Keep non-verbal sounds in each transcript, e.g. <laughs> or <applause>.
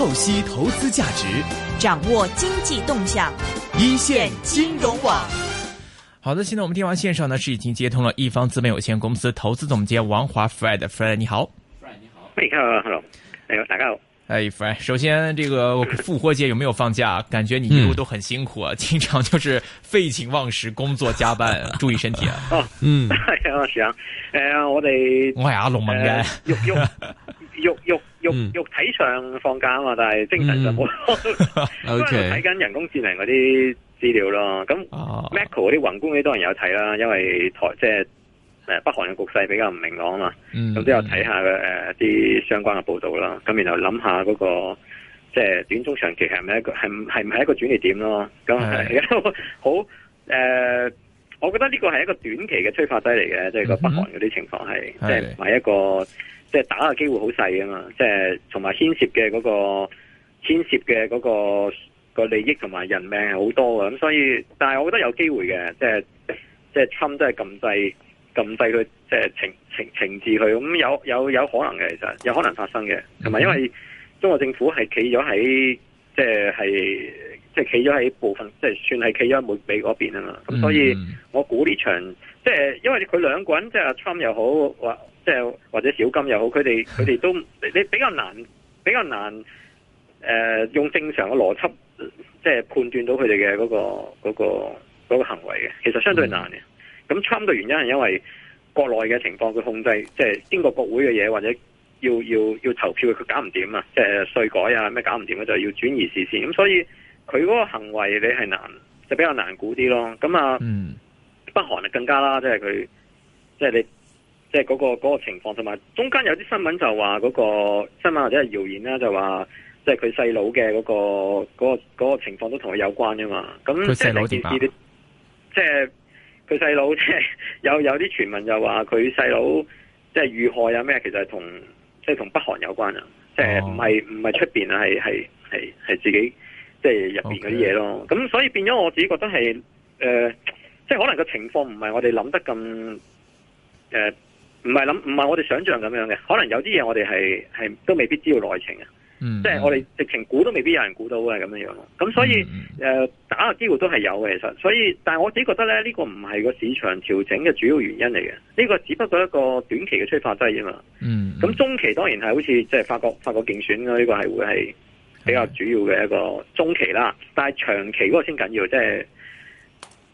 透析投資價值，掌握經濟動向，一線金融網。好的，現在我們電話線上呢是已經接通了一方資本有限公司投資總監王華 Fred，Fred 你 Fred, 好 f 你好，你好、hey,，Hello，哎呦大家好，哎 Fred，首先這個復活節有沒有放假？ <laughs> 感覺你一路都很辛苦啊，經常就是廢寢忘食工作加班， <laughs> 注意身體啊。哦，oh, 嗯，行 <laughs> 哎呀，我得我係阿六文嘅，有有有有。 <laughs> 肉體上放假啊嘛，但係精神就冇。O K、嗯。 <laughs> okay 因為睇緊人工智能嗰啲資料咯，咁 Macau 嗰啲宏觀嘅多人有睇啦，因為台即係北韓嘅局勢比較唔明朗啊嘛，咁都、嗯、有睇下嘅啲、呃、相關嘅報道啦，咁然後諗下嗰個即係短中長期係咪一個係係唔係一個轉移點咯？咁係好誒，我覺得呢個係一個短期嘅催化劑嚟嘅，即、就、係、是、個北韓嗰啲情況係、嗯、哼即係唔係一個。即係打嘅機會好細啊嘛！即係同埋牽涉嘅嗰、嗰個牽涉嘅嗰個利益同埋人命係好多嘅，咁所以，但係我覺得有機會嘅，即係即係侵都係禁制禁制佢，即係懲懲懲治佢。咁有有有可能嘅，其實有可能發生嘅，同埋因為中國政府係企咗喺即係係即係企咗喺部分，即係算係企咗喺美美嗰邊啊嘛。咁所以我，我估呢場即係因為佢兩個人，即係阿侵又好話即係或者小金又好，佢哋佢哋都你比較難比較難誒、呃，用正常嘅邏輯、呃、即係判斷到佢哋嘅嗰個嗰個嗰個行為嘅，其實相對難嘅。咁差唔多原因係因為國內嘅情況，佢控制即係英國國會嘅嘢，或者要要要投票，佢搞唔掂啊！即係稅改啊咩搞唔掂嘅，就要轉移視線。咁所以佢嗰個行為你係難就比較難估啲咯。咁啊，嗯、北韓就更加啦，即係佢即係你。即係嗰個、嗰個情況，同埋中間有啲新聞就話嗰、嗰個新聞或者係謠言啦，就話即係佢細佬嘅嗰個嗰、嗰個、嗰個情況都同佢有關㗎嘛。咁佢細佬點啊？即係佢細佬即係有有啲傳聞就話佢細佬即係遇害啊咩？其實係同即係同北韓有關啊，即係唔係唔係出邊啊，係係係係自己即係入邊嗰啲嘢咯。咁 Okay. 所以變咗，我自己覺得係誒，即、呃、係、即係、可能個情況唔係我哋諗得咁誒。呃唔係諗，唔係我哋想象咁樣嘅，可能有啲嘢我哋係係都未必知道內情，即係、嗯、我哋直情估都未必有人估到嘅咁樣樣咁，所以誒、嗯嗯呃，打個機會都係有嘅，其實。所以，但係我自己覺得咧，呢、這個唔係個市場調整嘅主要原因嚟嘅，呢、這個只不過一個短期嘅催化劑啫嘛嗯。嗯。咁中期當然係好似即係法國法國競選嗰呢、這個係會係比較主要嘅一個中期啦，嗯、但係長期嗰個先緊要，即係。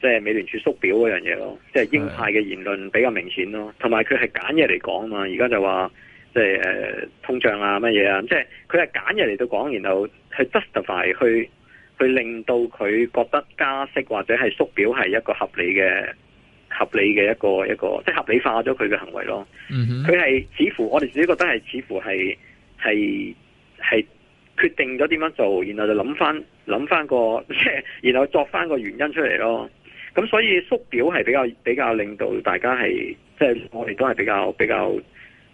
即係美聯儲縮表嗰樣嘢咯，即係鷹派嘅言論比較明顯咯，同埋佢係揀嘢嚟講嘛，而家就話即係誒、呃、通脹啊乜嘢啊，什麼即係佢係揀嘢嚟到講，然後去 justify 去去令到佢覺得加息或者係縮表係一個合理嘅合理嘅一個一個，即係合理化咗佢嘅行為咯。佢係、嗯、哼似乎我哋自己覺得係似乎係係係決定咗點樣做，然後就諗翻諗翻個即係然後作翻個原因出嚟咯。咁所以縮表係比較比較令到大家係即係我哋都係比較比較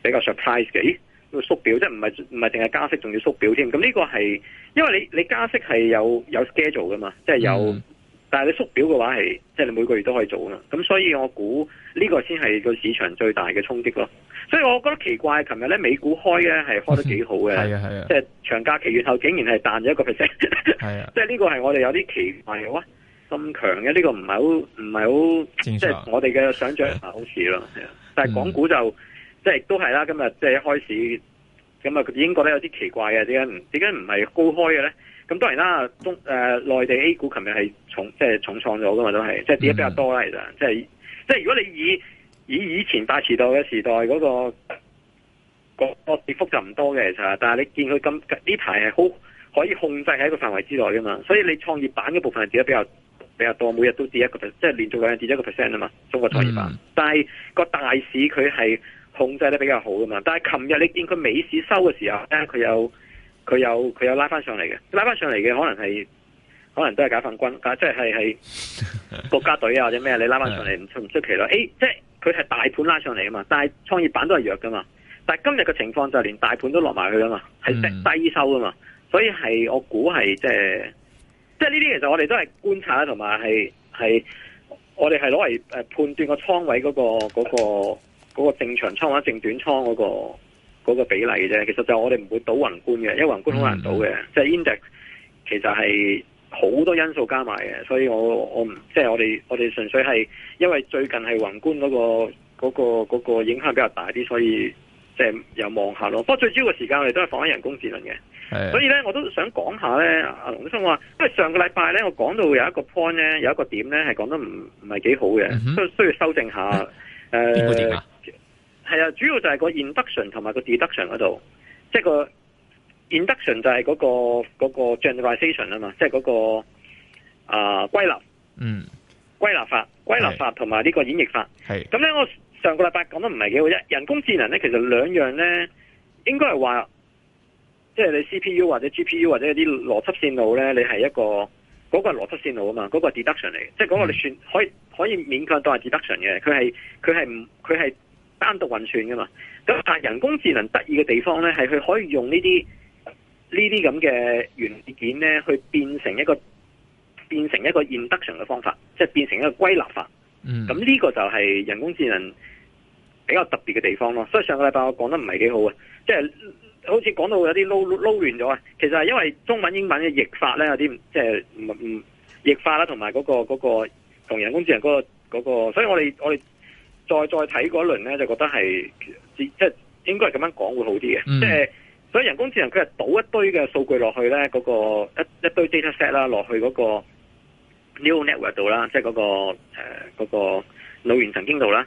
比較 surprise 嘅，咦縮表即係唔係唔係淨係加息仲要縮表添，咁呢個係因為你你加息係有有 schedule 嘅嘛，即係有，嗯、但係你縮表嘅話係即係你每個月都可以做嘛。咁所以我估呢個先係個市場最大嘅衝擊咯。所以我覺得奇怪，琴日咧美股開咧係的開得幾好嘅,即係長假期完後竟然係彈咗一 <laughs> 的 <laughs> 個 percent，即係呢個係我哋有啲奇怪啊！咁強嘅呢個唔係好，唔係好，常即係我哋嘅想象好似咯。 <laughs> 但係港股就即係都係啦，今日即係一開始，咁啊，已經覺得有啲奇怪嘅，點解點解唔係高開嘅咧？咁當然啦，中誒內地 A 股琴日係重即係重創咗噶嘛，都係即係跌得比較多啦。其實 <laughs> 即係即係如果你以以以前大時代嘅時代嗰、嗰個嗰個跌幅就唔多嘅其實，但係你見佢咁呢排係好可以控制喺一個範圍之內噶嘛，所以你創業板嗰部分係跌得比較比較多，每日都跌一個 percent，即係連續兩日跌一個 percent 啊嘛。中國創業板，嗯、但係個大市佢係控制得比較好噶嘛。但係琴日你見佢尾市收嘅時候，咧佢有佢有佢有拉翻上嚟嘅，拉翻上嚟嘅可能係可能都係解放軍，啊，即係係係國家隊啊或者咩，你拉翻上嚟唔出唔出奇咯。A 的、欸、即係佢係大盤拉上嚟啊嘛，但係創業板都係弱噶嘛。但係今日嘅情況就係連大盤都落埋去噶嘛，係低收啊嘛，嗯、所以係我估係即係。就是即係呢啲，其實我哋都係觀察同埋係，係我哋係攞嚟誒判斷個倉位嗰個嗰個嗰個正長倉或者正短倉嗰個嗰個比例啫。其實就我哋唔會賭宏觀嘅，因為宏觀好難賭嘅。即係 index 其實係好多因素加埋嘅，所以我我唔即係我哋我哋純粹係因為最近係宏觀嗰個嗰個嗰個影響比較大啲，所以。即係又望下咯，不過最主要嘅時間我哋都係放喺人工智能嘅，的所以咧我都想講下咧，阿龍醫生話，因為上個禮拜咧我講到有一個 point 咧，有一個點咧係講得唔唔係幾好嘅，都、嗯、哼需要修正下。誒，點啊？係啊、呃，主要就係 ind ind、那個 induction 同埋個 deduction 嗰度，即係個 induction 就係嗰個個 generalization 啊嘛，即係嗰個啊歸納，嗯，歸納法、歸納法同埋呢個演繹法，係。咁咧我。上個禮拜講得唔係幾好啫！人工智能咧，其實兩樣咧，應該係話，即係你 C P U 或者 G P U 或者啲邏輯線路咧，你係一個嗰、嗰個係邏輯線路啊嘛，嗰、嗰個係 deduction 嚟嘅，嗯、即係嗰個你算可以可以勉強當係 deduction 嘅，佢係佢係唔佢係單獨運算㗎嘛。咁但係人工智能得意嘅地方咧，係佢可以用這這呢啲呢啲咁嘅元件咧，去變成一個變成一個 induction 嘅方法，即係變成一個歸納法。嗯、咁呢個就係人工智能。比較特別嘅地方咯，所以上個禮拜我講得唔係幾好啊，即係好似講到有啲撈撈亂咗啊。其實係因為中文英文嘅譯法咧有啲即係唔唔譯法啦，同埋嗰個嗰個同人工智能嗰個嗰個，所以我哋我哋再再睇嗰輪咧就覺得係即係應該係咁樣講會好啲嘅。即係，嗯，所以人工智能佢係倒一堆嘅數據落去咧，嗰個一一堆 dataset 啦落去嗰個 new network 度啦，即係嗰個誒嗰個腦源神經度啦。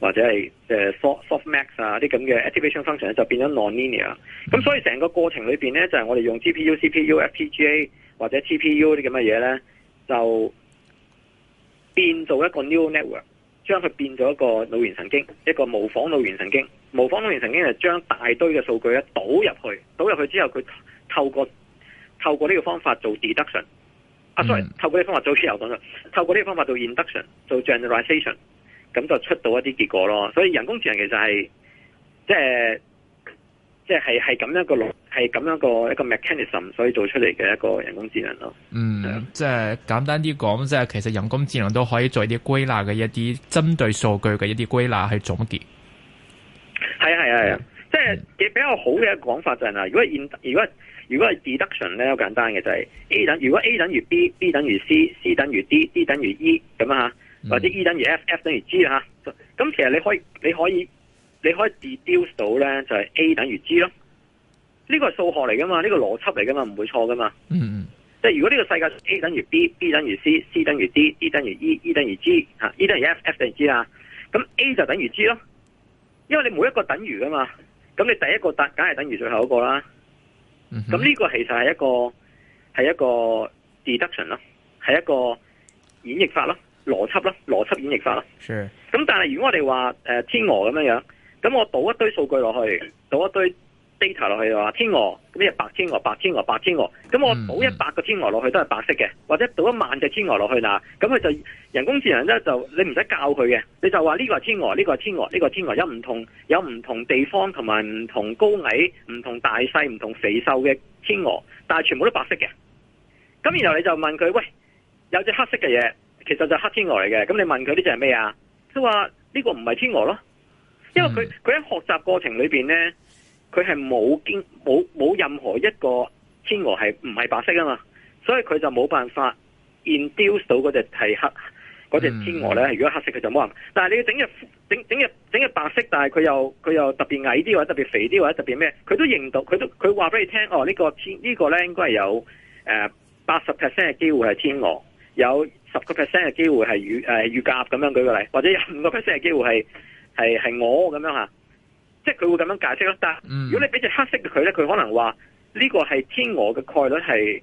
或者係誒 soft soft max 啊啲咁嘅 activation function 咧，就變咗 nonlinear。咁所以成個過程裏面咧，就係我哋用 GPU、CPU、FPGA 或者 TPU 啲咁嘅嘢咧，就變做一個 neural network，將佢變做一個腦源神經，一個模仿腦源神經。模仿腦源神經係將大堆嘅數據咧倒入去，倒入去之後佢透過透過呢個方法做 deduction、mm。Hmm. 啊 sorry，透過呢個方法做先由講啦。透過呢個方法做 induction，做 generalization。咁就出到一啲結果咯，所以人工智能其實係即係即係係係咁樣個係咁樣個一個，個 mechanism，所以做出嚟嘅一個人工智能咯。嗯，係。即係簡單啲講，即係其實人工智能都可以做一啲歸納嘅一啲針對數據嘅一啲歸納去總結。係啊係啊係啊！啊嗯、即係比較好嘅一個講法就係、是、啦，如果 ind, 如果如果係 deduction 咧，好簡單嘅就係、是、A 等，如果 A 等於 B，B 等於 C，C 等於 D，D 等於 E 咁啊！或者 E 等於 F，F 等於 G 嚇，咁其實你可以你可以你可以 deduce 到咧就係 A 等於 G 咯。呢個係數學嚟噶嘛，呢個邏輯嚟噶嘛，唔會錯噶嘛。嗯，即係如果呢個世界 A 等於 B，B 等於 C，C 等於 D，D 等於 E，E 等於 G 嚇，E 等於 F，F 等於 G 啊。咁 A 就等於 G 咯。因為你每一個等於噶嘛，咁你第一個等梗係等於最後一個啦。嗯，咁呢個其實係一個係一個 deduction 咯，係一個演繹法咯。邏輯咯，邏輯演繹法咯。咁 Sure. 但係如果我哋話誒天鵝咁樣樣，咁我倒一堆數據落去，倒一堆 data 落去鵝就話天鵝，咁即係白天鵝、白天鵝、白天鵝。咁我倒一百個天鵝落去都係白色嘅，或者倒一萬隻天鵝落去啦，咁佢就人工智能咧就你唔使教佢嘅，你就話呢個係天鵝，呢、呢個係天鵝，呢、呢個天鵝有唔同有唔同地方同埋唔同高矮、唔同大細、唔同肥瘦嘅天鵝，但係全部都白色嘅。咁然後你就問佢喂，有隻黑色嘅嘢？其實就黑天鵝嚟嘅，咁你問佢呢隻係咩啊？佢話呢個唔係天鵝咯，因為佢佢喺學習過程裏邊咧，佢係冇經冇冇任何一個天鵝係唔係白色啊嘛，所以佢就冇辦法 induce 到嗰隻係黑嗰隻天鵝咧。如果黑色佢就冇人，嗯、但係你要整隻整整隻整隻白色，但係佢又佢又特別矮啲或者特別肥啲或者特別咩，佢都認到，佢都佢話俾你聽哦，這個這個，呢個天呢個咧應該係有誒八十 percent 嘅機會係天鵝有。十個 percent 嘅機會係預誒預夾咁樣舉個例，或者有五個 percent 嘅機會係係係我咁樣吓，即係佢會咁樣解釋咯。但係如果你畀隻黑色嘅佢咧，佢可能話呢個係天鵝嘅概率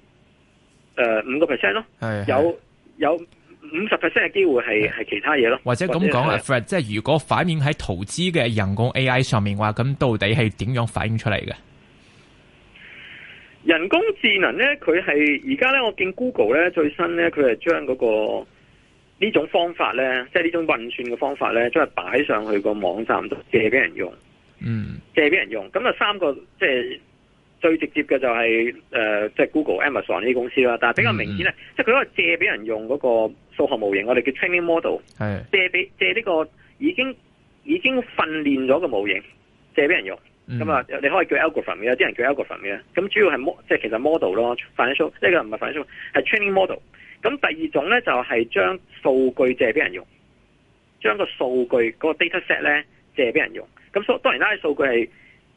係誒五個 percent 咯，有有五十 percent 嘅機會係係的其他嘢咯，或者咁講阿。的 Fred，即係如果反映喺投資嘅人工 AI 上面話，咁到底係點樣反映出嚟嘅？人工智能咧，佢係而家咧，我見 Google 咧最新咧，佢係將嗰個呢種方法咧，即係呢種運算嘅方法咧，將係擺上去個網站度借俾人用，嗯，借俾人用。咁啊，三個即係最直接嘅就係誒，即係 Google、Amazon 呢啲公司啦。但係比較明顯咧，嗯、即係佢嗰個借俾人用嗰個數學模型，我哋叫 training model，係的借俾借呢個已經已經訓練咗個模型借俾人用。咁啊，嗯、你可以叫 algorithm，有啲人叫 algorithm 嘅。咁主要係即係其實 model 咯，financial 呢個唔係 financial，係 training model。咁第二種咧就係將數據借俾人用，將個數據嗰、嗰個 dataset 咧借俾人用。咁所當然啦，啲數據係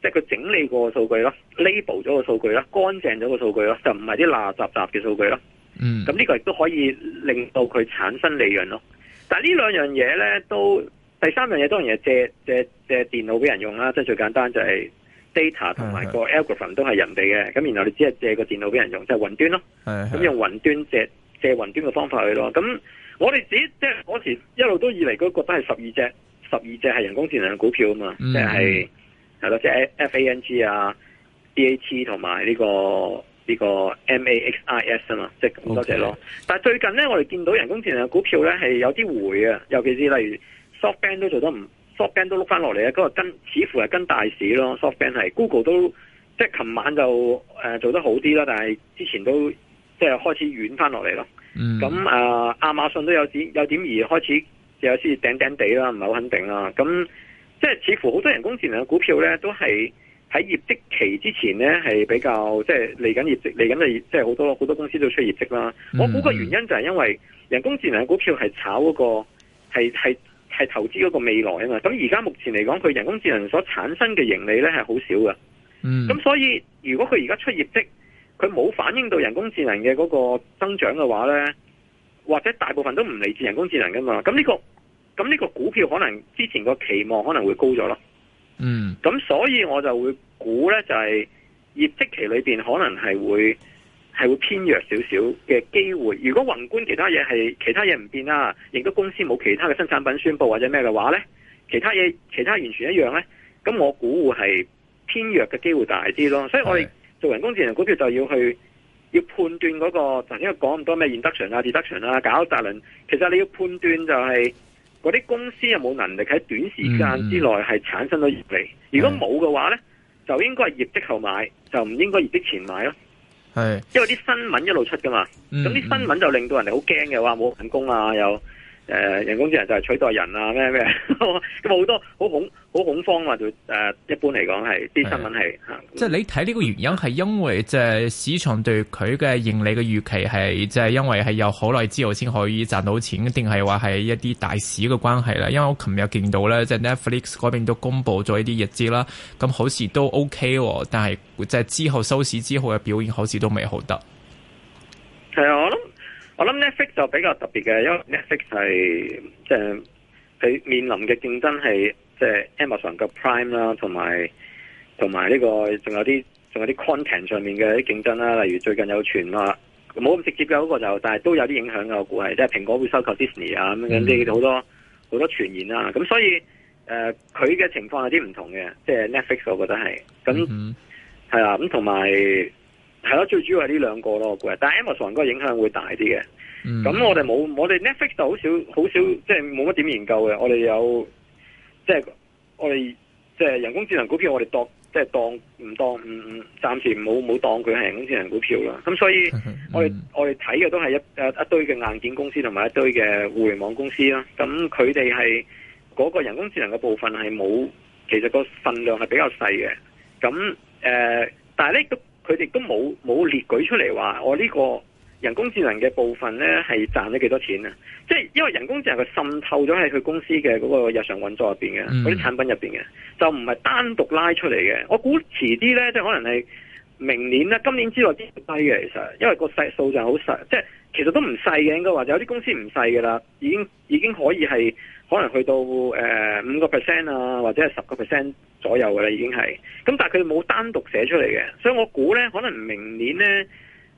即係佢整理過嘅數據咯，label 咗個數據咯，乾淨咗個數據咯，就唔係啲垃雜雜嘅數據咯。嗯。咁呢個亦都可以令到佢產生利潤咯。但係呢兩樣嘢咧都。第三樣嘢當然係借借借電腦俾人用啦，即係最簡單就係 data 同埋個 algorithm 都係人哋嘅，咁是是然後你只係借個電腦俾人用，即係雲端咯。咁是是用雲端借借雲端嘅方法去咯。咁我哋只即係嗰時一路都以嚟都覺得係十二隻，十二隻係人工智能嘅股票啊嘛、嗯，即係，係咯，即係 F A N G 啊，B A T 同埋呢個呢個 M A X I S 啊嘛，即係咁多隻咯。但係最近呢，我哋見到人工智能嘅股票呢，係有啲回啊，尤其是例如。SoftBank 都做得唔，SoftBank 都碌翻落嚟啊！嗰個跟似乎係跟大市咯，SoftBank 係 Google 都即係琴晚就、呃、做得好啲啦，但係之前都即係開始軟翻落嚟咯。咁啊、嗯，亞馬遜都有，有點有而開始有啲掟掟地啦，唔係好肯定啦。咁即係似乎好多人工智能嘅股票咧，都係喺業績期之前咧，係比較即係嚟緊業績嚟緊嘅業，即係好多好多公司都出業績啦。嗯、我估個原因就係因為人工智能嘅股票係炒嗰個係係。係投資嗰個未來啊嘛，咁而家目前嚟講，佢人工智能所產生嘅盈利咧係好少㗎。嗯，咁所以如果佢而家出業績，佢冇反映到人工智能嘅嗰個增長嘅話咧，或者大部分都唔嚟自人工智能噶嘛，咁呢個咁呢個股票可能之前個期望可能會高咗咯。嗯，咁所以我就會估咧就係業績期裏邊可能係會。係會偏弱少少嘅機會。如果宏觀其他嘢係其他嘢唔變啦，亦都公司冇其他嘅新產品宣布或者咩嘅話呢，其他嘢其他完全一樣呢，咁我估會係偏弱嘅機會大啲咯。所以我哋做人工智能股票就要去要判斷嗰、那個，因為講唔多咩現德長啊、Detraction 啊、搞大輪。其實你要判斷就係嗰啲公司有冇能力喺短時間之內係產生到業利。Mm hmm. 如果冇嘅話呢就應該係業績後買，就唔應該業績前買咯。係，是因為啲新聞一路出噶嘛，咁啲、嗯、新聞就令到人哋好驚嘅，話冇份工啊又。誒、呃，人工智能就係取代人啊，咩咩咁好多好恐好恐慌啊！誒、呃，一般嚟講係啲新聞係。即係是是你睇呢個原因係因為即係市場對佢嘅盈利嘅預期係即係因為係有好耐之後先可以賺到錢，定係話係一啲大市嘅關係啦，因為我琴日見到咧，即、就、係、是、Netflix 嗰邊都公布咗一啲業績啦，咁好似都 OK，、哦、但係即係之後收市之後嘅表現好似都未好得。係啊，我諗。我諗 Netflix 就比較特別嘅，因為 Netflix 係即係佢面臨嘅競爭係即係 Amazon 嘅 Prime 啦，同埋同埋呢個仲有啲仲有啲 content 上面嘅啲競爭啦，例如最近有傳啦，冇咁直接嘅嗰個就，但係都有啲影響嘅，我估係即係蘋果會收購 Disney 啊咁樣啲好多好多傳言啦，咁所以誒佢嘅情況有啲唔同嘅，即係 Netflix 我覺得係咁係啦，咁同埋。係咯，最主要係呢兩個咯，我估。但係 Amazon 嗰個影響會大啲嘅。咁、嗯、我哋冇，我哋 Netflix 就好少，好少，即係冇乜點研究嘅。我哋有，即係我哋即係人工智能股票，我哋當即係當唔當？嗯嗯，暫時冇冇當佢係人工智能股票啦。咁所以我哋，嗯、我哋我哋睇嘅都係一誒一,一堆嘅硬件公司同埋一堆嘅互聯網公司啦。咁佢哋係嗰個人工智能嘅部分係冇，其實個份量係比較細嘅。咁誒、呃，但係咧。都佢哋都冇冇列舉出嚟話，我呢個人工智能嘅部分咧係賺咗幾多錢啊？即係因為人工智能佢滲透咗喺佢公司嘅嗰個日常運作入邊嘅嗰啲產品入邊嘅，就唔係單獨拉出嚟嘅。我估遲啲呢，即係可能係明年咧，今年之內跌唔低嘅其實，因為個細數就好細，即係。其實都唔細嘅，應該話有啲公司唔細嘅啦，已經已經可以係可能去到誒五個 percent 啊，或者係十個 percent 左右嘅啦，已經係。咁但係佢冇單獨寫出嚟嘅，所以我估呢，可能明年呢，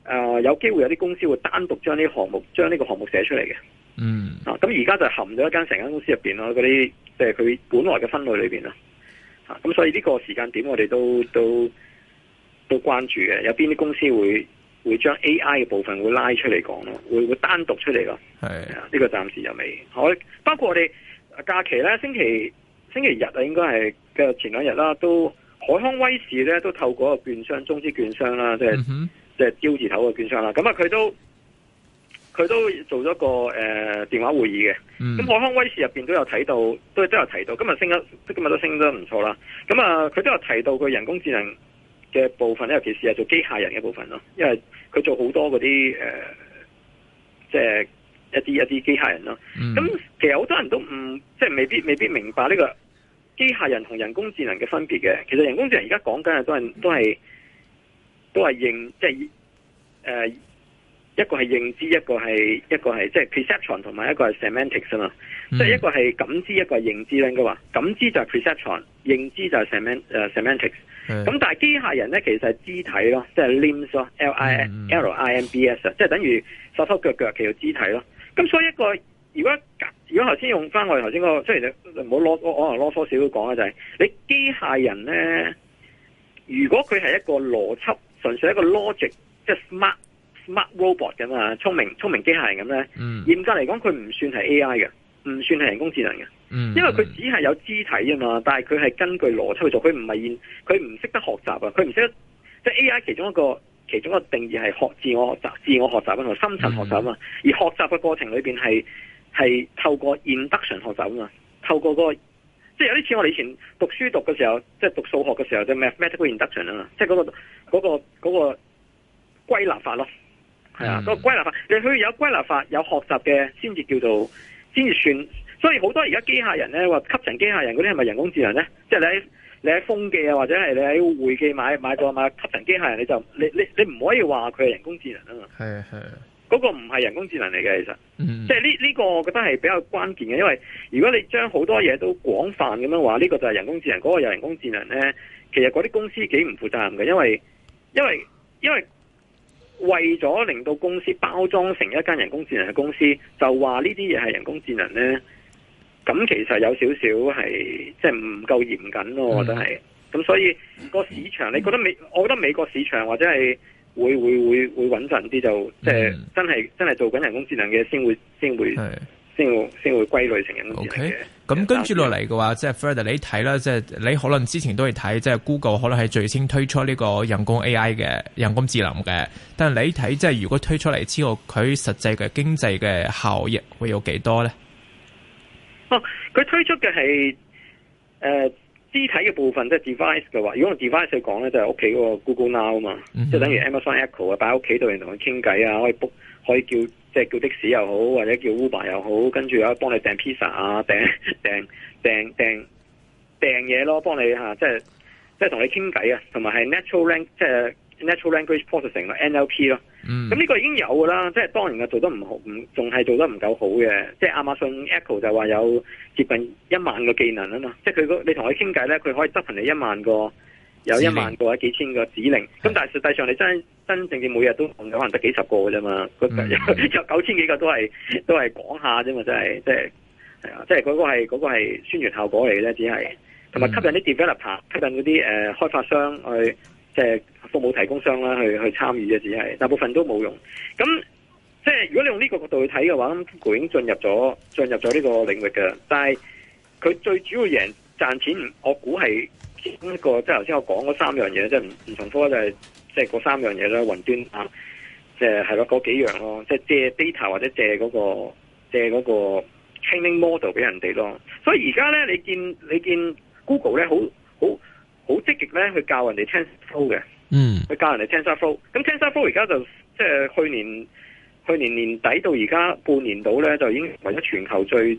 呃、有機會有啲公司會單獨將呢項目將呢個項目寫出嚟嘅。嗯。咁而家就含咗一間成間公司入面咯，嗰啲即係佢本來嘅分類裏面啦。咁、啊啊、所以呢個時間點我哋都都都關注嘅，有邊啲公司會會將 AI 嘅部分會拉出嚟講咯，會會單獨出嚟咯。係啊，呢個暫時又未。我包括我哋假期咧，星期星期日啊，應該係嘅前兩日啦，都海康威視咧都透過個券商、中資券商啦，即係即係招字頭嘅券商啦。咁啊，佢都佢都做咗個誒電話會議嘅。咁海康威視入邊都有睇到，都都有提到，今日升得，今日都升得唔錯啦。咁啊，佢都有提到佢人工智能嘅部分咧，尤其是係做機械人嘅部分咯，因為。佢做好多嗰啲誒即係一啲一啲機械人咯。咁、嗯、其實好多人都唔即係未必未必明白呢個機械人同人工智能嘅分別嘅。其實人工智能而家講緊嘅都係都係都係認即係誒，就是呃一個係認知，一個係一個係即係 perception，同埋一個係 semantics 啊嘛、嗯，即係一個係感知，一個係認知咧。應該話感知就係 perception，認知就係 semantics。咁但係機械人咧，其實係肢體咯，即係 limbs 咯，L I L I M B S, S,、嗯、 即係等於手手腳腳，其實肢體咯。咁所以一個如果如果頭先用翻我哋頭先嗰個，雖然你唔好攞我我可能囉嗦少少講啦，就係你機械人咧，如果佢係一個邏輯，純粹一個 logic，即係 smart。smart robot 咁啊，聰明聰明機械人咁咧，嚴、嗯、格嚟講佢唔算係 A I 嘅，唔算係人工智能嘅，嗯、因為佢只係有肢體啊嘛，但係佢係根據邏輯去做，佢唔係現，佢唔識得學習啊，佢唔識得即係、就是、A I 其中一個其中一個定義係學自我學習，自我學習啊嘛，深層學習啊嘛，嗯、而學習嘅過程裏邊係係透過 induction 學習啊嘛，透過、那個即係有啲似我哋以前讀書讀嘅時候，即係讀數學嘅時候嘅、就是、mathematical induction 啊嘛、那個，即係嗰個嗰、那個個歸納法咯。係啊，個歸納法，你去有歸納法，有學習嘅，先至叫做，先至算。所以好多而家機械人咧，話吸塵機械人嗰啲係咪人工智能咧？即係你喺你喺風記啊，或者係你喺匯記買買個買吸塵機械人，你就你你你唔可以話佢係人工智能啊嘛。係係嗰個唔係人工智能嚟嘅，其實，即係呢呢個我覺得係比較關鍵嘅，因為如果你將好多嘢都廣泛咁樣話，呢個就係人工智能，嗰個又人工智能咧，其實嗰啲公司幾唔負責任嘅，因為因為因為。因為為咗令到公司包裝成一間人工智能嘅公司，就話呢啲嘢係人工智能呢。咁其實有少少係即係唔夠嚴謹咯，嗯、我覺得係。咁所以個市場，你覺得美？我覺得美國市場或者係會會會會穩陣啲，就即係、嗯、真係真係做緊人工智能嘅，先會先會先是會先會歸類成人工智能嘅。Okay. 咁跟住落嚟嘅話，即係 Fred 你睇啦，即係你可能之前都係睇，即係 Google 可能係最先推出呢個人工 AI 嘅人工智能嘅。但係你睇，即係如果推出嚟之後，佢實際嘅經濟嘅效益會有幾多咧？哦，佢推出嘅係誒肢體嘅部分，即係 device 嘅話，如果用 device 去講咧，就係屋企嗰個 Google Now 啊嘛，即係，嗯哼，等於 Amazon Echo 啊，擺喺屋企度，人同佢傾偈啊，可以 book。可以叫即係、就是、叫的士又好，或者叫 Uber 又好，跟住又幫你訂 pizza 啊、訂訂訂訂訂嘢咯，幫你嚇即係即係同你傾偈啊，同埋係 natural language 即係 natural language processing 咯 （NLP） 咯。嗯。咁呢個已經有㗎啦，即係當然嘅做得唔好，唔仲係做得唔夠好嘅。即係亞馬遜 Echo 就話有接近一萬個技能啊嘛，即係佢你同佢傾偈咧，佢可以執行你一萬個。1 有一萬個或者幾千個指令，咁但係實際上你真真正正每日都有可能得幾十個啫嘛，有九千幾個都係都係講下啫嘛，真係即係係啊，即係嗰個係嗰、嗰個係宣傳效果嚟咧，只係同埋吸引啲 developer，吸引嗰啲誒開發商去即係、呃、服務提供商啦，去去參與嘅只係大部分都冇用，咁即係如果你用呢個角度去睇嘅話，佢已經進入咗進入咗呢個領域嘅，但係佢最主要贏賺錢，我估係。呢個即係頭先我講嗰三樣嘢，即係唔唔同科就係即係嗰三樣嘢啦，雲端啊，即係係咯嗰幾樣咯，即係借 data 或者借嗰個借嗰個 training model 俾人哋咯。所以而家咧，你見你見 Google 咧，好好好積極咧去教人哋 Tensor Flow 嘅，嗯，去教人哋 Tensor Flow。咁 Tensor Flow 而家就即係去年去年年底到而家半年度咧，就已經為咗全球最。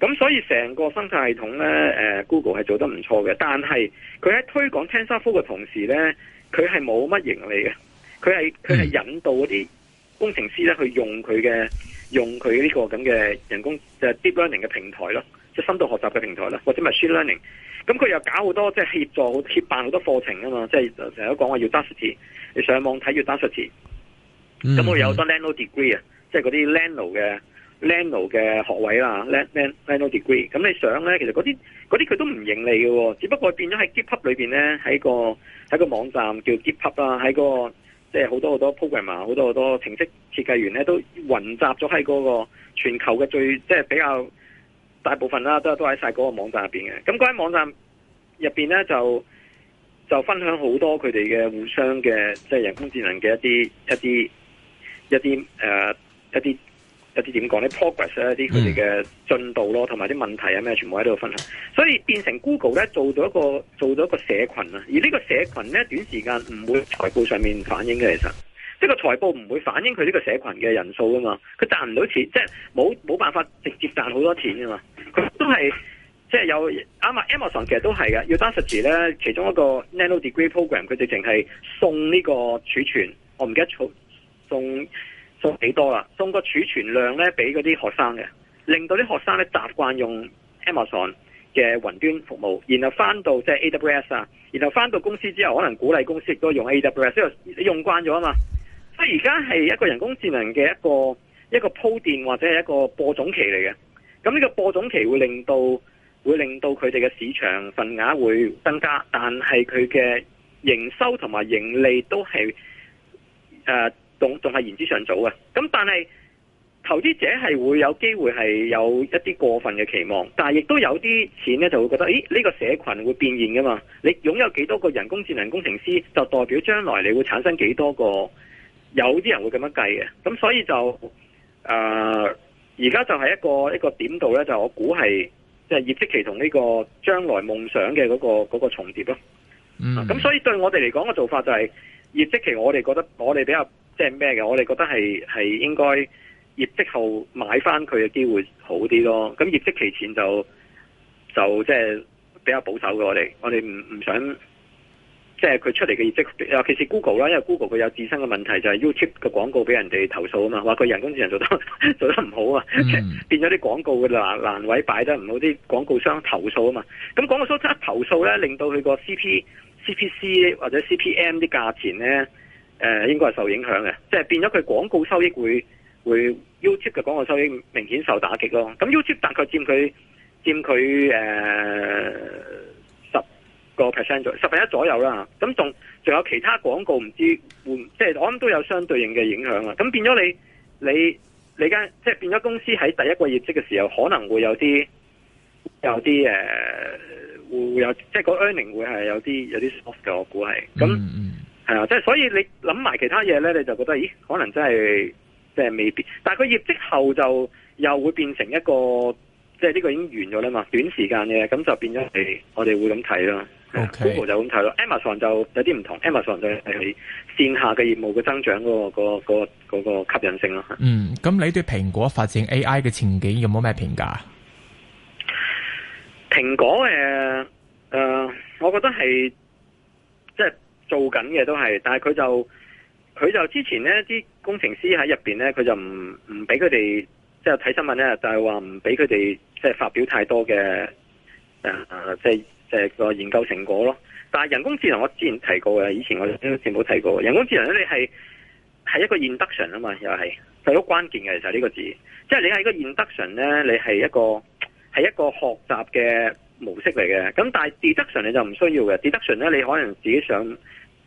咁所以成個生態系統咧、呃、Google 係做得唔錯嘅，但係佢喺推廣 TensorFlow 嘅同時咧，佢係冇乜盈利嘅。佢係佢係引導嗰啲工程師咧去用佢嘅，用佢呢個咁嘅人工就是、deep learning 嘅平台咯，即、就是、深度學習嘅平台啦，或者 machine learning。咁佢又搞好多即係、就是、協助、協辦好多課程啊嘛，即係成日都講話要 Udacity，你上網睇要 Udacity。咁我有好多 Nanodegree 啊，即係嗰啲 Nanodegree 嘅。leno 嘅學位啦，len len leno degree，咁你想咧，其實嗰啲嗰啲佢都唔盈利嘅，只不過變咗喺 GitHub 裏邊咧，喺個喺個網站叫 GitHub 啦，喺個即係好多好多 programmer，好多好多程式設計員咧都混集咗喺嗰個全球嘅最即係、就是、比較大部分啦，都係都喺晒嗰個網站入邊嘅。咁嗰啲網站入邊咧就就分享好多佢哋嘅互相嘅即係人工智能嘅一啲一啲一啲誒、呃、一啲。一啲點講咧，progress 咧，啲佢哋嘅進度咯，同埋啲問題啊咩，全部喺度分享，所以變成 Google 咧做咗一個做咗一個社群啊，而呢個社群咧短時間唔會喺財報上面反映嘅，其實即係個財報唔會反映佢呢個社群嘅人數㗎嘛，佢賺唔到錢，即係冇冇辦法直接賺好多錢噶嘛，佢都係即係有啱啱 Amazon 其實都係嘅 Udacity 咧其中一個 nano degree program，佢哋淨係送呢個儲存，我唔記得儲送。送幾多啦？送個儲存量咧俾嗰啲學生嘅，令到啲學生咧習慣用 Amazon 嘅雲端服務，然後返到即係 AWS 啊，然後返到公司之後，可能鼓勵公司亦都用 AWS，你用慣咗啊嘛。即係而家係一個人工智能嘅一個一個鋪墊，或者係一個播種期嚟嘅。咁呢個播種期會令到會令到佢哋嘅市場份額會增加，但係佢嘅營收同埋盈利都係誒仲仲係言之尚早嘅，咁但係投資者係會有機會係有一啲過分嘅期望，但係亦都有啲錢咧就會覺得，咦，呢個社群會變現噶嘛？你擁有幾多個人工智能工程師，就代表將來你會產生幾多個？有啲人會咁樣計嘅，咁所以就誒而家就係一個一個點度咧，就我估係即係業績期同呢個將來夢想嘅嗰個嗰個重疊咯。嗯，咁所以對我哋嚟講嘅做法就係。業績期我哋覺得我哋比較即係咩嘅，我哋覺得係係應該業績後買翻佢嘅機會好啲咯。咁業績期前就就即係比較保守嘅，我哋我哋唔唔想即係佢出嚟嘅業績，尤其是 Google 啦，因為 Google 佢有自身嘅問題，就係、是、YouTube 嘅廣告俾人哋投訴啊嘛，話佢人工智能做得 <laughs> 做得唔好啊，嗯、變咗啲廣告嘅欄欄位擺得唔好，啲廣告商投訴啊嘛，咁廣告商即刻投訴咧，令到佢個 CP。CPC 或者 CPM 啲價錢呢，誒、呃、應該係受影響嘅，即、就、係、是、變咗佢廣告收益會會 YouTube 嘅廣告收益明顯受打擊咯。咁 YouTube 大概佔佢佔佢誒十個 percent 左十分一左右啦。咁仲仲有其他廣告唔知會即係、就是、我諗都有相對應嘅影響啊。咁變咗你你你間即係變咗公司喺第一個業績嘅時候可能會有啲有啲誒。呃會有即係、就是、個 earning 會係有啲有啲 soft 嘅，我估係咁係啊，即係、嗯嗯、所以你諗埋其他嘢咧，你就覺得咦，可能真係即係未必，但係佢業績後就又會變成一個即係呢個已經完咗啦嘛，短時間嘅，咁就變咗係、嗯、我哋會咁睇咯。Okay, Google 就咁睇咯，Amazon 就有啲唔同，Amazon 就係線下嘅業務嘅增長嗰、嗰個、嗰個、嗰個吸引性咯。嗯，咁你對蘋果發展 AI 嘅前景有冇咩評價？蘋果誒。我覺得係即係做緊嘅都係，但係佢就佢就之前呢啲工程師喺入邊呢，佢就唔唔俾佢哋即係睇新聞呢，就係話唔俾佢哋即係發表太多嘅誒、啊，即係即個研究成果咯。但係人工智能，我之前提過嘅，以前我之前冇提過。人工智能呢，你係係一個 instruction 啊嘛，又係就好關鍵嘅，就係呢個字。即係你係一個 instruction 呢，你係一個係一個學習嘅，模式嚟嘅，咁但係 deduction 你就唔需要嘅，deduction 咧你可能自己想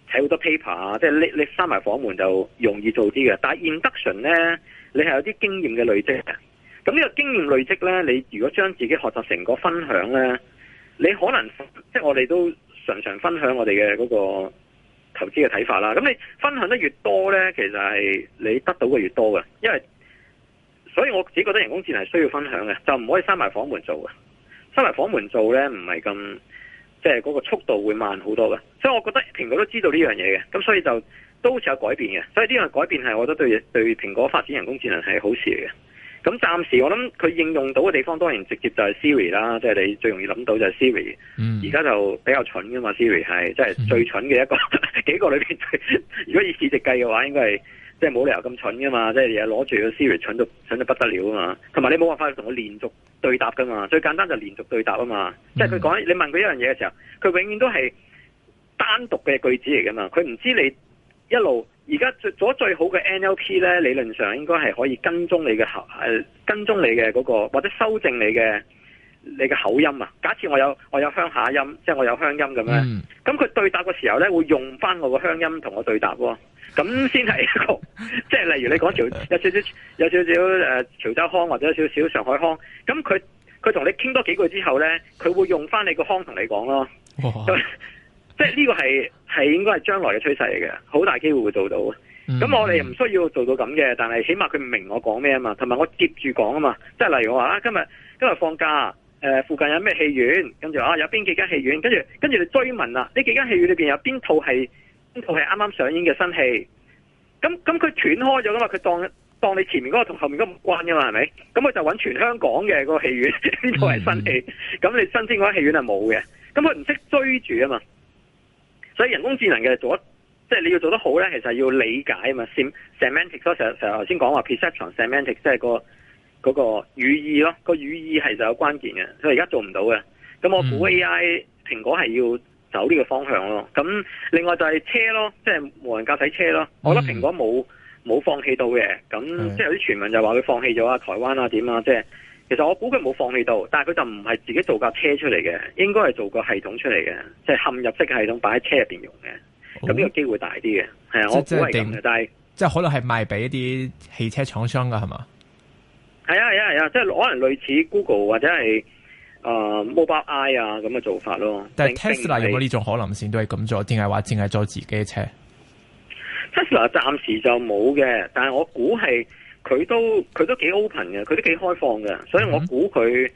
睇好多 paper 啊，即係匿匿閂埋房門就容易做啲嘅。但係 induction 呢，你係有啲經驗嘅累積嘅。咁呢個經驗累積呢，你如果將自己學習成果分享呢，你可能即係我哋都常常分享我哋嘅嗰個投資嘅睇法啦。咁你分享得越多呢，其實係你得到嘅越多嘅，因為所以我自己覺得人工智能係需要分享嘅，就唔可以閂埋房門做嘅。出嚟房門做咧，唔係咁即係嗰個速度會慢好多嘅，所以我覺得蘋果都知道呢樣嘢嘅，咁所以就都好似有改變嘅，所以呢樣改變係我覺得對對蘋果發展人工智能係好事嚟嘅。咁暫時我諗佢應用到嘅地方當然直接就係 Siri 啦，即係你最容易諗到就係 Siri。嗯，而家就比較蠢㗎嘛，Siri 係即係最蠢嘅一個 <laughs> 幾個裏面。如果以市值計嘅話，應該係。即係冇理由咁蠢噶嘛，即係日攞住個 Siri 蠢到蠢到不得了啊嘛，同埋你冇辦法同佢連續對答噶嘛，最簡單就連續對答啊嘛，mm hmm. 即係佢講你問佢一樣嘢嘅時候，佢永遠都係單獨嘅句子嚟噶嘛，佢唔知你一路而家做咗最好嘅 NLP 咧，理論上應該係可以跟蹤你嘅口跟蹤你嘅嗰、那個或者修正你嘅你嘅口音啊。假設我有我有鄉下音，即、就、係、是、我有鄉音咁樣，咁佢、mm hmm. 對答嘅時候咧會用翻我個鄉音同我對答喎、啊。咁先係一個，即係例如你講潮有少少有少少有少少、呃、潮州腔或者有少少上海腔，咁佢佢同你傾多幾句之後咧，佢會用翻你個腔同你講咯。哇即係呢個係係應該係將來嘅趨勢嚟嘅，好大機會會做到。咁、嗯、我哋唔需要做到咁嘅，但係起碼佢唔明我講咩啊嘛，同埋我接住講啊嘛。即係例如我話啊，今日今日放假、呃，附近有咩戲院？跟住啊，有邊幾間戲院？跟住跟住你追問啦，啊、呢幾間戲院裏邊有邊套係？呢套係啱啱上演嘅新戲，咁咁佢斷開咗噶嘛？佢當當你前面嗰個同後面嗰個唔關㗎嘛？係咪？咁佢就搵全香港嘅嗰個戲院，呢套係新戲。咁、hmm. <laughs> 你新興嗰個戲院係冇嘅，咁佢唔識追住啊嘛。所以人工智能嘅做得，即係你要做得好咧，其實要理解啊嘛。semantic Sem Sem、那個那個、咯，成成頭先講話 perceptual semantic 即係個嗰個語義咯，個語義係就有關鍵嘅。所以而家做唔到嘅。咁我估 AI 蘋果係要。.走呢個方向咯，咁另外就係車咯，即係無人駕駛車咯。哦、我覺得蘋果冇冇、嗯、放棄到嘅，咁即係有啲傳聞就話佢放棄咗啊台灣啊點啊，即係其實我估佢冇放棄到，但係佢就唔係自己做架車出嚟嘅，應該係做個系統出嚟嘅，即、就、係、係、嵌入式嘅系統擺喺車入邊用嘅，咁呢、哦、個機會大啲嘅。係啊即，我估定，即但係即係可能係賣俾一啲汽車廠商噶係嘛？係啊係啊係啊，啊，即係可能類似 Google 或者係。誒、uh,，Mobileye 啊咁嘅做法咯，但係 Tesla 有冇呢種可能性都係咁做，定係話淨係做自己嘅車？Tesla 暫時就冇嘅，但係我估係佢都佢都幾 open 嘅，佢都幾開放嘅，所以我估佢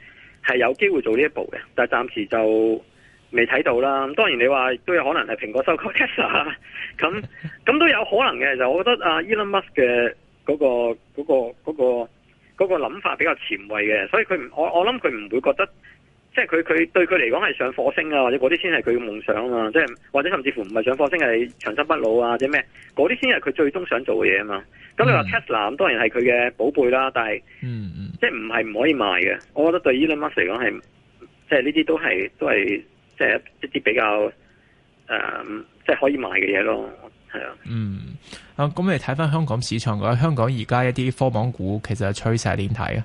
係有機會做呢一步嘅，嗯、但係暫時就未睇到啦。咁當然你話都有可能係蘋果收購 Tesla，咁咁都有可能嘅。就我覺得阿、e、Elon Musk 嘅嗰個嗰個嗰個。那個那個嗰個諗法比較前衞嘅，所以佢唔，我我諗佢唔會覺得，即係佢佢對佢嚟講係上火星啊，或者嗰啲先係佢嘅夢想啊，即係或者甚至乎唔係上火星係長生不老啊，或者咩嗰啲先係佢最終想做嘅嘢啊嘛。咁你話 Tesla 當然係佢嘅寶貝啦，但係嗯即係唔係唔可以賣嘅。我覺得對 Elon m u s 嚟講係，即係呢啲都係都係即係一啲比較誒、呃，即係可以賣嘅嘢咯。係啊，嗯啊，咁你睇翻香港市場嘅，香港而家一啲科、科網股，其實趨勢係點睇啊？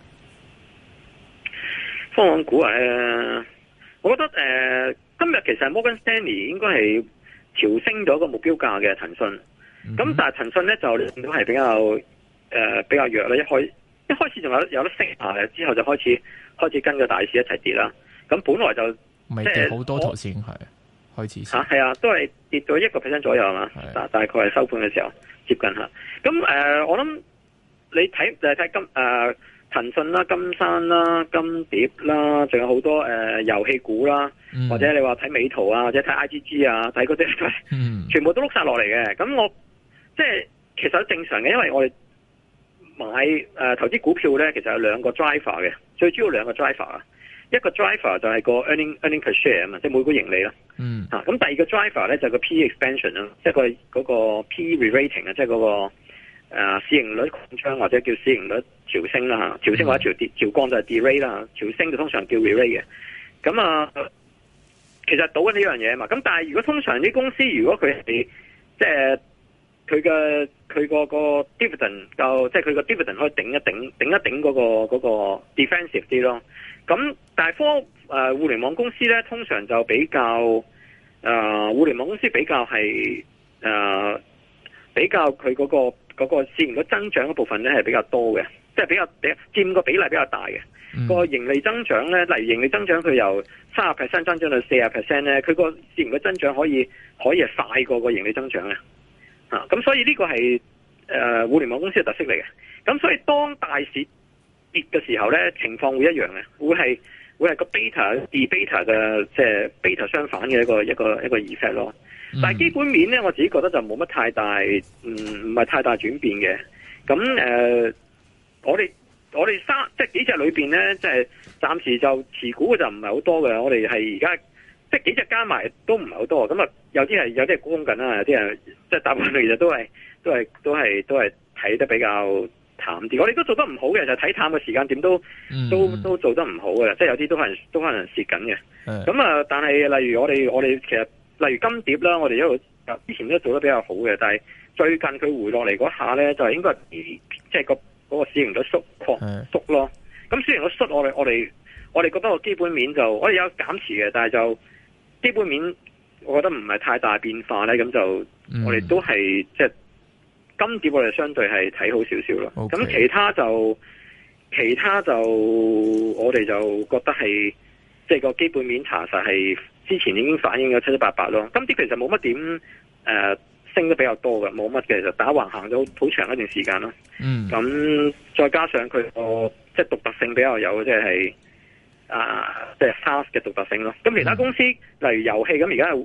科網股誒，我覺得誒、呃，今日其實摩 Morgan Stanley 應該係調升咗個目標價嘅騰訊，咁、嗯、哼但係騰訊咧就都、是、係比較誒、呃、比較弱啦。一開一開始仲有有得升，之後就開始開始跟個大市一齊跌啦。咁本來就未跌好多頭先係。呃嚇係啊,啊，都係跌咗一個 percent 左右啊，大大概係收盤嘅時候接近嚇。咁誒、呃，我諗你睇就誒睇金誒騰訊啦、金山啦、金蝶啦，仲有好多誒、呃、遊戲股啦，或者你話睇美圖啊，或者睇 IGG 啊，睇嗰啲都係，嗯、全部都碌晒落嚟嘅。咁我即係其實正常嘅，因為我哋買誒、呃、投資股票咧，其實有兩個 driver 嘅，最主要兩個 driver 啊。一個 driver 就係個 earning earning per share 啊嘛，即係每股盈利啦。嗯。吓、啊，咁第二個 driver 咧就係個 PE 就是那個 PE expansion 啦，即係，那個嗰個 PE re-rating 啊，即係嗰個誒市盈率擴張或者叫市盈率調升啦吓，調升或者調跌調降就係 de-rate 啦，調升就通常叫 re-rate 嘅。咁、嗯、啊，其實賭緊呢樣嘢啊嘛。咁但係如果通常啲公司如果佢係即係。就是佢嘅佢個 dividend 就即係佢個 dividend 可以頂一頂頂一頂嗰、那個 defensive 啲咯。咁、那、但、個、科、呃、互聯網公司咧，通常就比較誒、呃、互聯網公司比較係誒、呃、比較佢嗰、那個嗰、那個市盈個增長嘅部分咧係比較多嘅，即、就、係、是、比較比佔個比例比較大嘅、嗯、個盈利增長咧，例如盈利增長佢由三十 percent 增長到四十 percent 咧，佢個自然嘅增長可以可以係快過個盈利增長嘅。啊，咁所以呢個係誒、呃、互聯網公司嘅特色嚟嘅，咁所以當大市跌嘅時候咧，情況會一樣嘅，會係會係個 beta 跌 beta 嘅即係、就是、beta 相反嘅一個一個一個 effect 咯。但係基本面咧，我自己覺得就冇乜太大，嗯，唔係太大轉變嘅。咁誒、呃，我哋我哋三即係幾隻裏邊咧，即係暫時就持股嘅就唔係好多嘅，我哋係而家。即幾幾隻加埋都唔係好多，咁啊，有啲係有啲係沽緊啦，有啲係即係大部分其實都係都係都係都係睇得比較淡啲。我哋都做得唔好嘅，就睇、是、淡嘅時間點都都、嗯、都做得唔好嘅，即、就、係、是、有啲都可能都可能蝕緊嘅。咁啊是的，但係例如我哋我哋其實例如金碟啦，我哋一路之前都做得比較好嘅，但係最近佢回落嚟嗰下咧，就應該係即係個嗰市盈率縮擴縮咯。咁是的 雖然個縮我哋我哋我哋覺得個基本面就我哋有減持嘅，但係就基本面，我覺得唔係太大變化咧，咁就我哋都係即係金股我哋相對係睇好少少咯。咁 Okay. 其他就其他就我哋就覺得係即係個基本面查實係之前已經反映咗七七八八咯。金股其實冇乜點誒、呃、升得比較多嘅，冇乜嘅就打橫行咗好長一段時間咯。咁、嗯、再加上佢個即係獨特性比較有，即係。啊，即係 h a u s 嘅獨、uh, 特性咯。咁其他公司，mm hmm. 例如遊戲咁，而家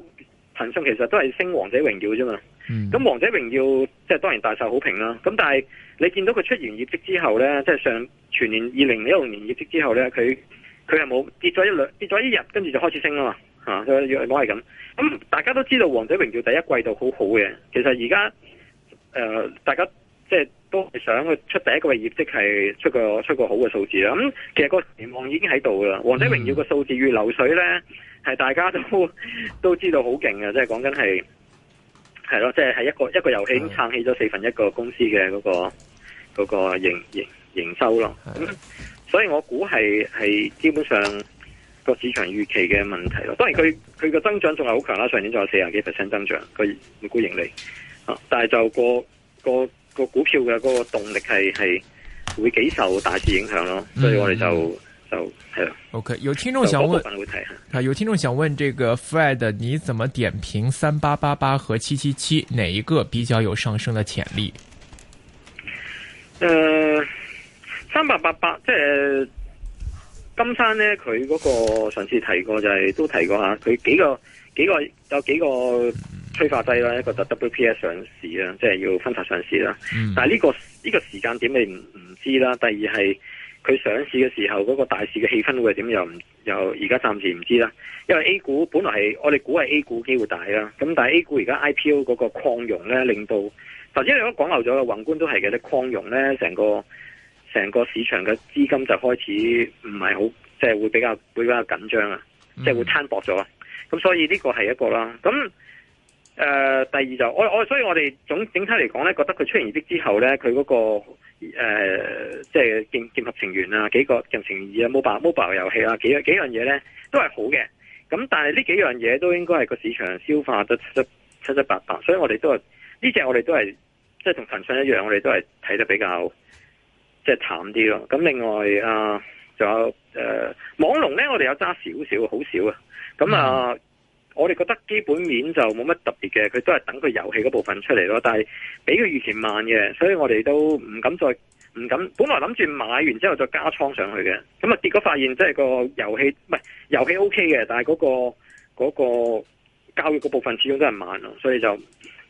騰訊其實都係升王榮《mm hmm. 王者榮耀》啫嘛。咁《王者榮耀》即係當然大受好評啦。咁但係你見到佢出完業績之後呢，即係上全年二零一六年業績之後呢，佢佢係冇跌咗一兩跌咗一日，跟住就開始升啦嘛。吓、啊，佢係咁，咁大家都知道《王者榮耀》第一季度好好嘅。其實而家誒，大家即係。都係想去出第一個嘅業績係，就是，出個出個好嘅數字啦。咁、嗯、其實個期望已經喺度噶啦，《王者榮耀》個數字與流水咧係大家都都知道好勁嘅，即係講緊係係咯，即係係一個一個遊戲撐起咗四分一個公司嘅嗰，那個嗰，那個營營營收咯的、嗯。所以我估係係基本上個市場預期嘅問題咯。當然佢佢嘅增長仲係好強啦，上年仲有四十幾 percent 增長佢每股盈利，啊、但係就個個。過個股票嘅嗰個動力係係會幾受大市影響咯，所以我哋就、嗯、就係咯。OK，有聽眾想問，會啊有聽眾想問，這個 Fred，你怎麼點評三八八八和七七七哪一個比較有上升嘅潛力？誒、呃，三八八八即係金山呢，佢嗰個上次提過就係、是、都提過吓，佢幾個幾個有幾個。幾個幾個幾個幾個催化劑啦，一個就 WPS 上市啦，即係要分拆上市啦。但係呢、這個呢、這個時間點你唔唔知啦。第二係佢上市嘅時候嗰、那個大市嘅氣氛會係點又唔又而家暫時唔知啦。因為 A 股本來係我哋估係 A 股機會大啦。咁但係 A 股而家 IPO 嗰個擴容咧，令到頭先你都講漏咗啦，宏觀都係嘅，啲擴容咧，成個成個市場嘅資金就開始唔係好，即、就、係、是、會比較會比較緊張啊，即、就、係、是、會攤薄咗。咁、嗯、所以呢個係一個啦。咁誒、呃，第二就我我，所以我哋總整體嚟講咧，覺得佢出完業績之後咧，佢嗰、那個即係劍劍俠情緣啊，幾個劍俠情緣啊，MOBA MOBA 遊戲啊，幾樣幾樣嘢咧都係好嘅。咁但係呢幾樣嘢都應該係個市場消化得七七七七八八。所以我哋都係呢隻，這個、我哋都係即係同騰訊一樣，我哋都係睇得比較即係、就是、淡啲咯。咁另外啊，仲、呃、有誒、呃、網龍咧，我哋有揸少少，好少啊。咁、呃、啊。嗯。我哋覺得基本面就冇乜特別嘅，佢都係等佢遊戲嗰部分出嚟咯。但係俾佢預期慢嘅，所以我哋都唔敢再唔敢。本來諗住買完之後再加倉上去嘅，咁啊跌咗發現即係個遊戲唔係遊戲 OK 嘅，但係嗰個嗰個教育嘅部分始終都係慢咯，所以就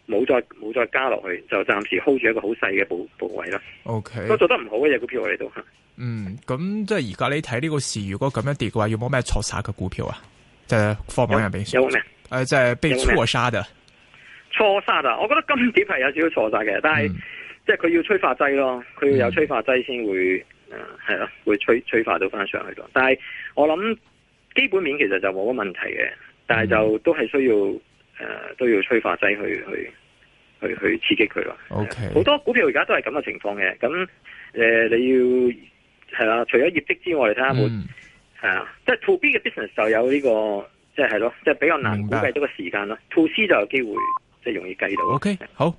冇再冇再加落去，就暫時 hold 住一個好細嘅部部位啦。OK，都做得唔好嘅嘢，股票我哋都。嗯，咁即係而家你睇呢個市，如果咁樣跌嘅話，有冇咩錯殺嘅股票啊？誒貨 o u r 有咩？誒，在、呃即係、被錯殺的錯殺啊！我覺得金蝶係有少少錯殺嘅，但係、嗯、即係佢要催化劑咯，佢要有催化劑先、嗯、會誒係咯，會催催化到翻上去咯。但係我諗基本面其實就冇乜問題嘅，但係就都係需要誒、呃、都要催化劑去去去去刺激佢咯。好 okay, 多股票而家都係咁嘅情況嘅。咁誒、呃、你要係啦、呃，除咗業績之外，你睇下係啊，即係 To B 嘅 business 就有呢個，即係係咯，即係比較難估計到個時間咯。To C 就有機會，即係容易計到。 <music> <music> <music> o、okay, K，好。